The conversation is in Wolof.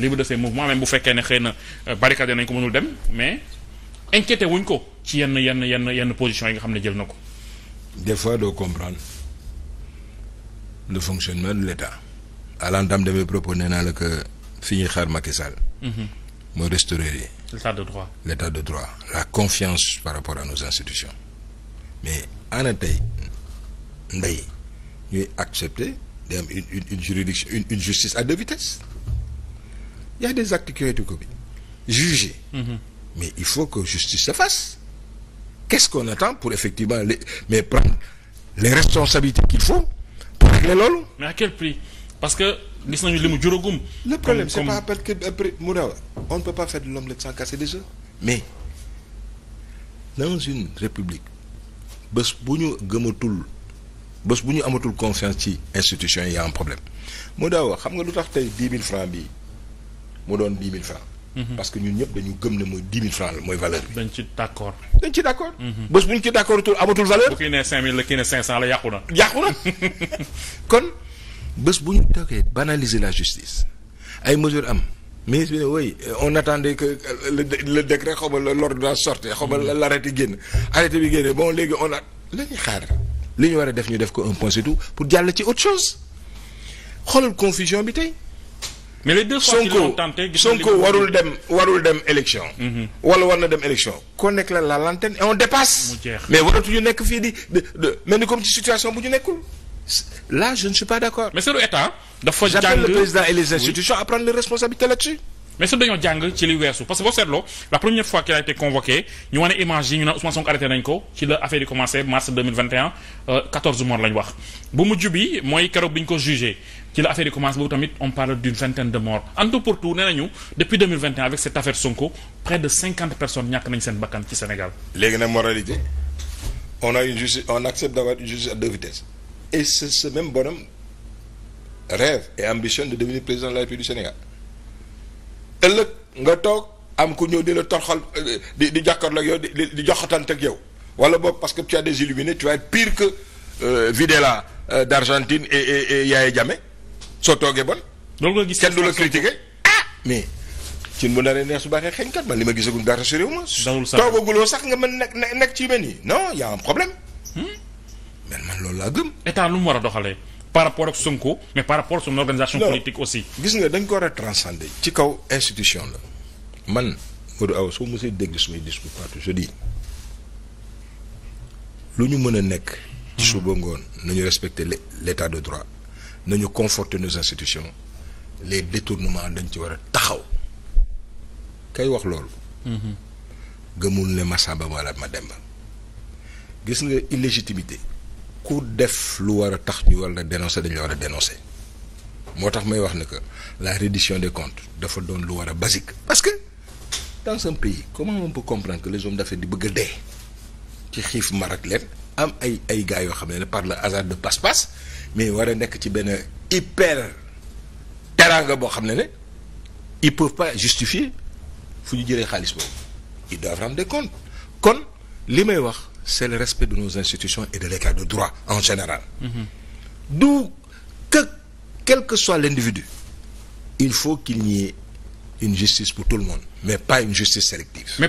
libre de ses mouvements même bu fekkee ne xëy na euh, barricade nañ ko mënul dem mais inquiété wuñ ko ci yenn yenn yenn yenn position yi nga xam ne jël na ko. des fois doo comprendre le fonctionnement de l' état. à de mes propos nee naa la que fi ñuy xaar Macky Sall. Mhm. mooy restaurer. l' état de droit l' état de la confiance par rapport a nos institutions. mais ana tey ndey ñuy accepter day am une une juridiction une justice à deux vitesses. y des actes qui ont été commis jugés. Mm mais il faut que justice se fasse. qu'est-ce qu'on attend pour effectivement les mais prendre les responsabilités qu'il faut pour régler loolu. mais à quel prix parce que gis nañu li mu juróom. le problème c'est pas parce que après mu daw on ne peut pas faire de l'omelette sans casser des œufs mais dans une république bés bu ñu gëmatul bés bu ñu amatul confiance ci institution yi y a un problème mu daw xam nga lu tax tey dix mille bii. mu doon dix mille francs mhm. parce que ñun ñëpp dañu gëm ne mooy dix mille francs la mooy valeur bi. dañ ci d' accord. dañ ci d' mhm. bés bu ñu ci kon bés bu ñu toogee banaliser la justice ay mesures am ministre bi ne oui on attendait que euh, le décret xaw ma l' ordonnance sorte xaw ma l' mhm. arrêté génn arrêté bi génne bon léegi on a la ñuy xaar li ñu war a def ñu def ko un point surtout pour jàll ci autre chose xoolal confusion bi tey. mais les deux fois Sonko Sonko warul dem warul dem élection. Mhm. wala war na dem élection. koo nekk la la lanterne et on dépasse. mais waratuñu nekk fii di de de mel ni comme ci situation bu ñu nekkul. là je ne suis pas d'accord. mais le président et les institutions à les responsabilités là-dessus. mais su dañoo jàng ci li weesu parce que boo seetloo la première fois qu'il a été convoqué ñu wane image yi ñu ne Ousmane Sonko arrêté nañ ko ci la affaire yi mars 2021 14 euh, wax bu mujj bi mooy keroog bi ñu ko jugé ci la affaire yi commencé boobu tamit on parle d'une vingtaine de morts en tout pour tout nee nañu depuis 2021 avec cette affaire Sonko près de 50 personnes ñàkk nañ seen bakkan ci Sénégal. léegi nag moralité on a une justice on accepte d'avoir ëllëg nga toog am ku ñëw di la torxal euh, di di jàkkaarloo ak yow di di joxatante ak yow wala boobu parce que tu as des illuminés tu vas être pire que euh, Videla euh, d'Argentine et et Yaya Jammeh soo toogee bon. loolu nga gis kenn du la critiquer ah mais. cin bu naree neex su baaxee xeeñ kat man li ma gisagum dara si réew ma. toogaguloo sax nga mën nekk nekk ci yu mel yi non yaa a un problème. Hmm? mais man loolu laa gëm. état lu mu war a doxalee. par rapport ak Sonko mais par rapport ak son organisation politique aussi. gis nga dañ ko war a transcender ci kaw institution la man Modou Awa soo mosee dégg sumay discours partout je lu ñu mën a nekk. ci suba ngoon nañu respecter l'état de droit nañu conforter nos institutions les détournements dañ ci war a taxaw kay wax loolu. Mhm. gëmul ne Massamba ma Mademba gis nga illégitimité. ku def lu war a tax ñu war la dénoncer dañu war a dénoncer moo tax may wax ne ko la reddition des comptes dafa doon lu war a basique. parce que dans un pays comment on peut comprendre que les hommes d'affaires di bëgg a dee ci xiif marak leen am ay ay gars yoo xam ne par le hasard de passe-passe mais war a nekk ci benn hyper teranga boo xam ne ne il peuvent pas justifier fu ñu jëlee xaalis boobu ils doivent rendre des comptes kon li may wax. c'est le respect de nos institutions et de l'état de droit en général. D'où quel que soit l'individu, il faut qu'il y ait une justice pour tout le monde, mais pas une justice sélective.